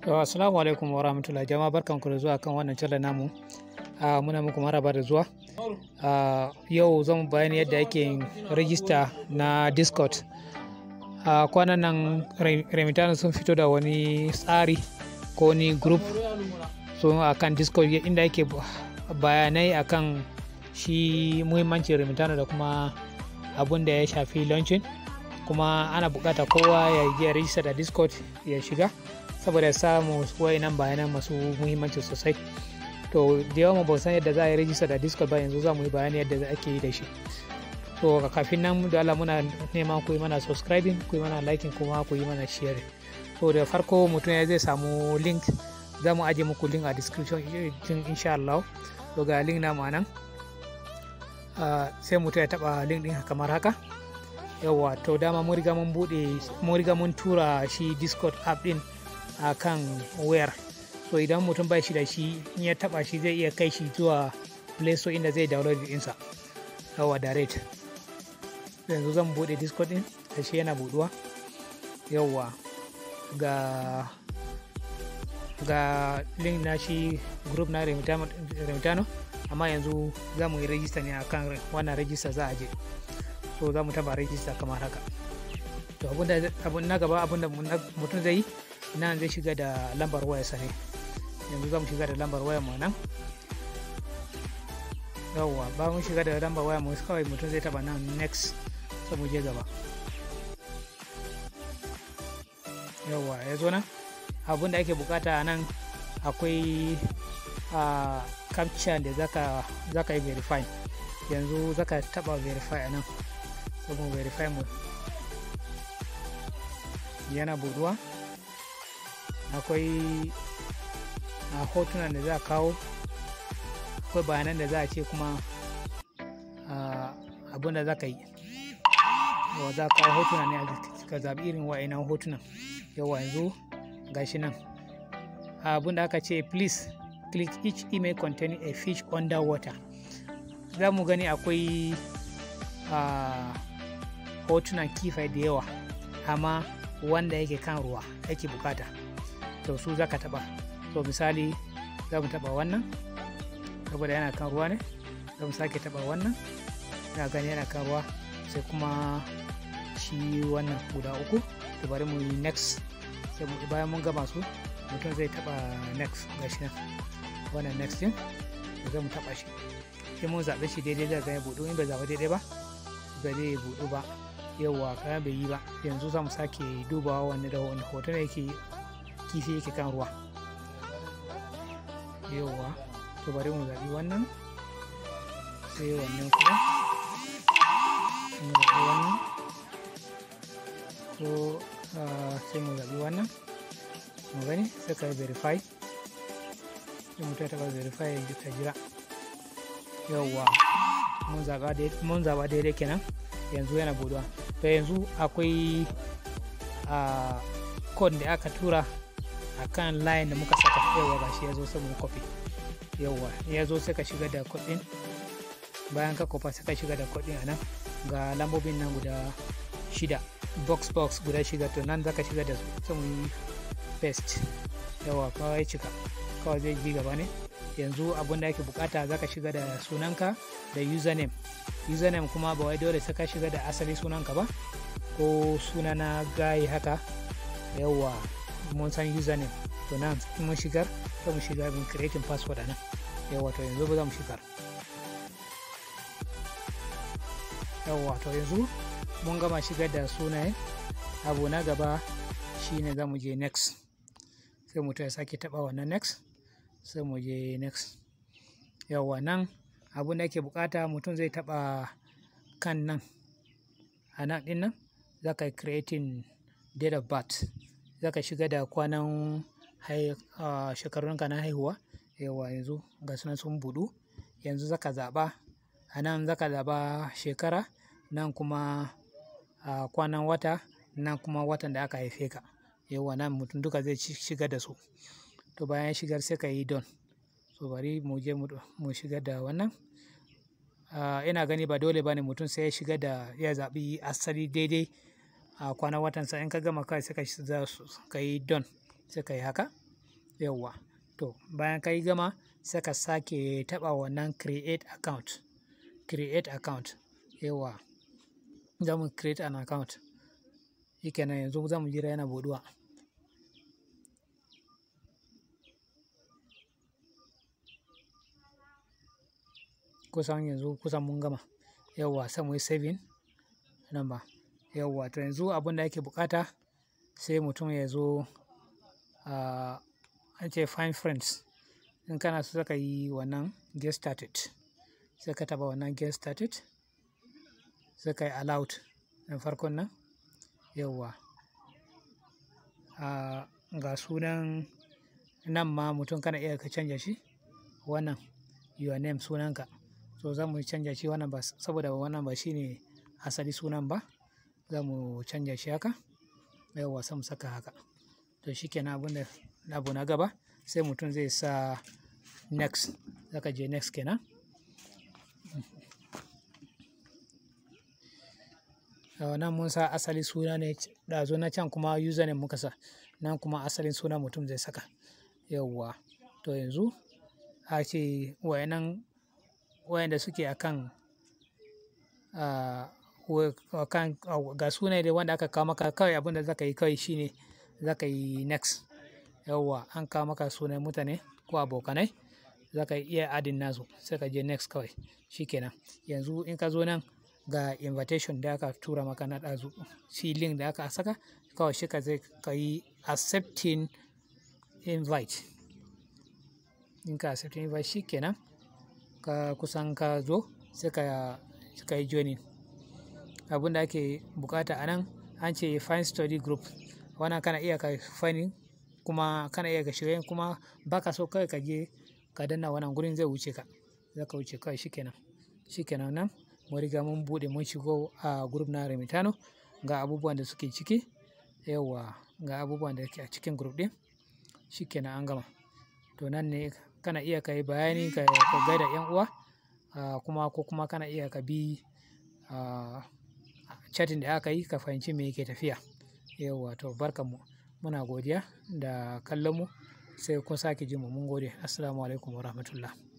Assalamu alaikum wa rahmatullahi jama'a barkan ku da zuwa kan wannan channel namu. muna muku maraba da zuwa. yau zan bayani yadda ake rajista na Discord. kwanan nan Remitano sun fito da wani tsari ko wani group so kan Discord inda ake bayanai akan shi muhimmancin Remitano da kuma abun da ya shafi launching. kuma ana bukata kowa ya yi rijista da discord ya shiga saboda ya samu nan bayanan masu muhimmanci sosai to da yawan ba san yadda za a yi rijista da discord ba yanzu za mu yi bayani yadda ake yi da shi to kafin nan da Allah muna neman ku yi mana subscribing ku yi mana liking kuma ku yi mana sharing to da farko mutum ya zai samu link za mu aje muku link a description din insha Allah to ga link na nan? Ah, sai mutum ya taba link din kamar haka yawa to dama mun riga mun tura shi discord app din a kan wayar so idan mutum ba shi da shi in ya taba shi zai iya kai shi zuwa play store inda zai download insa yawa direct yanzu zan bude discord din da shi yana buduwa yawa ga ga link na shi group na remitano amma yanzu za mu yi rajista ne akan wannan rajista za a je to za mu taba rijista kamar haka to abun na gaba abun da mutum zai yi nan zai shiga da lambar waya sane? yanzu za mu shiga da lambar waya mu nan yawwa ba mun shiga da lambar waya mu kawai mutum zai taba nan next sai mu je gaba yawwa ya zo nan abun da ake bukata nan akwai a capture da zaka zaka yi verify yanzu zaka taba verify a nan so verify mode yana buduwa akwai a hotunan da za a kawo akwai bayanan da za a ce kuma abin da za ka yi wa za ka kawo hotuna ne ka zaɓi irin wa'annan hotunan yawa yanzu ga shi nan abin da aka ce please click each email containing a fish underwater za mu gani akwai hotunan kifai da yawa amma wanda yake kan ruwa yake bukata to su zaka taba to misali za mu taba wannan saboda yana kan ruwa ne za mu sake taba wannan na gani yana kan ruwa sai kuma shi wannan guda uku to bari mu yi next sai mu bayan mun gama su mutum zai taba next shi nan wannan next din zai mu taba shi sai mun zaɓe shi daidai da zai buɗu in bai zaɓe daidai ba ba zai buɗu ba yawa kaga bai yi ba yanzu za mu sake dubawa wani da wani hoton yake kifi yake kan ruwa yawa to bari mu zabi wannan sai wannan kuma mu wannan to ah, sai mu zabi wannan mu gani sai ka verify sai mu ya taɓa verify yanzu ta jira yawa mun zaba daidai kenan yanzu yana buduwa to yanzu akwai a kod da aka tura a kan line da muka saka yawa ba shi ya zo saman kofi yawa ya zo sai ka shiga da kuɗin bayan ka kofa sai ka shiga da kuɗin a ga lambobin nan guda shida box box guda shiga to nan zaka shiga da saman paste yawa kawai cika kawai zai ji gaba ne yanzu abun da ake bukata zaka shiga da sunanka da username username kuma ba wai dole sai ka shiga da asali sunanka ba ko suna na gayi haka yawa mun san username to nan mun shigar sai mu shiga mun creating password ana yawa to yanzu ba za mu shigar yawa to yanzu mun gama shigar da sunaye abu na gaba shine za mu je next sai mutum ya sake taba wannan next sai mu je next yawa nan abin da ake bukata mutum zai taba kan nan a nan din nan za ka yi creating date of birth za ka shiga da kwanan shekarunka na haihuwa yawa yanzu ga sunan sun budu yanzu za ka zaɓa a nan za ka zaɓa shekara nan kuma a kwanan wata nan kuma watan da aka haife ka yawa nan mutum duka zai shiga da su to bayan shigar sai ka yi don so bari mu je mu shiga da wannan ah, ina gani ba dole ba ne mutum sai ya shiga da ya zaɓi asali daidai a kwanan watansa in ka gama kawai sai ka yi don sai ka yi haka yawwa to bayan ka yi gama sai ka sake taɓa wannan create account create account yawa za mu create an account shikenan yanzu za mu jira yana buɗuwa kusan yanzu kusan mun gama yauwa sai yi saving ba yauwa to yanzu abin da yake bukata sai mutum ya zo an ce fine friends in kana so saka yi wannan get started sai ka taba wannan get started sai ka yi allowed na farkon nan yauwa ga sunan nan ma mutum kana iya ka canja shi wannan your name sunanka so za mu canja shi wannan ba saboda wannan ba shine asali sunan ba za mu canja shi haka yawwa sai mu saka haka to shikenan abin da abu na gaba sai mutum zai sa next zaka je next kenan nan mun sa asali suna ne ɗazu na can kuma username muka sa nan kuma asalin suna mutum zai saka yauwa to yanzu a ce wayanan wayanda suke akan ah, kan ah, ga suna da wanda aka kawo maka kawai abin da zaka yi kawai shine zaka yi next yawwa an kawo maka sunan mutane ko abokanai zaka iya adin nasu sai ka je next kawai shikenan yanzu in ka zo nan ga invitation da aka tura maka na ɗazu shi link da aka saka kawai shi ka zai ka yi accepting invite in ka accepting invite shikenan ka kusan ka zo sai ka suka yi joining abinda ake bukata a nan an ce fine study group wannan kana iya ka fani kuma kana iya ka shirya kuma baka so kawai ka je ka danna wannan gurin zai wuce ka za ka wuce kawai shikenan shikenan nan mun riga mun bude mun shigo a group na remitano ga abubuwan da suke ciki yawa ga abubuwan da ke a cikin group din shikenan an gama to nan ne kana iya ka bayani ka gai da yan uwa kuma ko kuma kana iya ka bi chatting da aka yi ka fahimci me yake tafiya yauwa to mu muna godiya da kallon mu sai kun sake jin mu mun gode assalamu alaikum warahmatullah